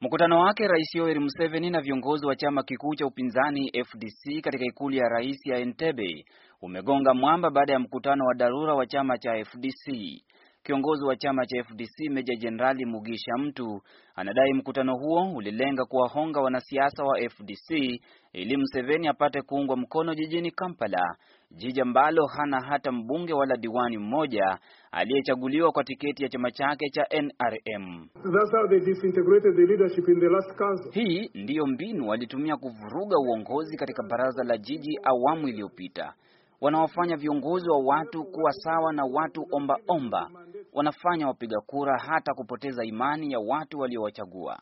Mkutano wake Rais Yoweri Museveni na viongozi wa chama kikuu cha upinzani FDC katika ikulu ya rais ya Entebbe umegonga mwamba baada ya mkutano wa dharura wa chama cha FDC. Kiongozi wa chama cha FDC Meja Jenerali Mugisha Mtu anadai mkutano huo ulilenga kuwahonga wanasiasa wa FDC ili Museveni apate kuungwa mkono jijini Kampala, jiji ambalo hana hata mbunge wala diwani mmoja aliyechaguliwa kwa tiketi ya chama chake cha NRM. That's how they disintegrated the leadership in the last council. Hii ndiyo mbinu walitumia kuvuruga uongozi katika baraza la jiji awamu iliyopita. Wanawafanya viongozi wa watu kuwa sawa na watu omba omba wanafanya wapiga kura hata kupoteza imani ya watu waliowachagua.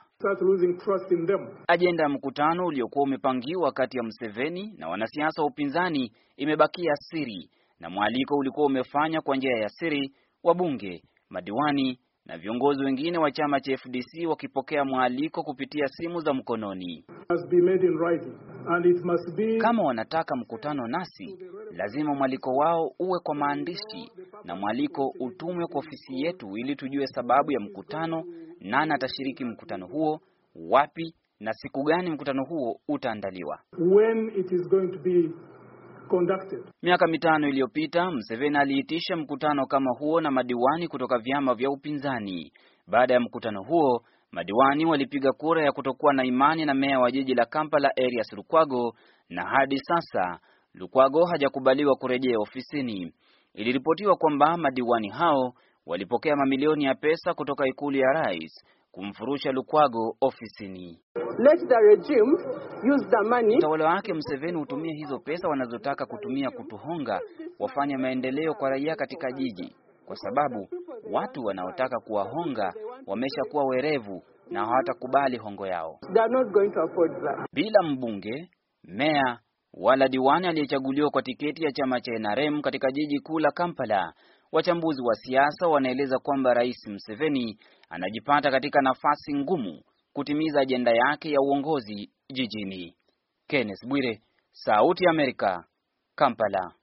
Ajenda ya mkutano uliokuwa umepangiwa kati ya mseveni na wanasiasa wa upinzani imebakia siri, na mwaliko ulikuwa umefanya kwa njia ya siri, wabunge, madiwani na viongozi wengine wa chama cha FDC wakipokea mwaliko kupitia simu za mkononi. Kama wanataka mkutano nasi, lazima mwaliko wao uwe kwa maandishi na mwaliko utumwe kwa ofisi yetu ili tujue sababu ya mkutano, nani atashiriki mkutano huo, wapi na siku gani mkutano huo utaandaliwa. When it is going to be conducted. Miaka mitano iliyopita Mseveni aliitisha mkutano kama huo na madiwani kutoka vyama vya upinzani. Baada ya mkutano huo, madiwani walipiga kura ya kutokuwa na imani na meya wa jiji la Kampala Erias Lukwago, na hadi sasa Lukwago hajakubaliwa kurejea ofisini. Iliripotiwa kwamba madiwani hao walipokea mamilioni ya pesa kutoka ikulu ya rais kumfurusha Lukwago ofisini. Let the regime use the money. Utawala wake mseveni hutumia hizo pesa wanazotaka kutumia kutuhonga wafanya maendeleo kwa raia katika jiji, kwa sababu watu wanaotaka kuwahonga wameshakuwa werevu na hawatakubali hongo yao. They are not going to afford that. Bila mbunge, meya wala diwani aliyechaguliwa kwa tiketi ya chama cha NRM katika jiji kuu la Kampala. Wachambuzi wa siasa wanaeleza kwamba Rais Museveni anajipata katika nafasi ngumu kutimiza ajenda yake ya uongozi jijini. Kenneth Bwire, Sauti ya Amerika, Kampala.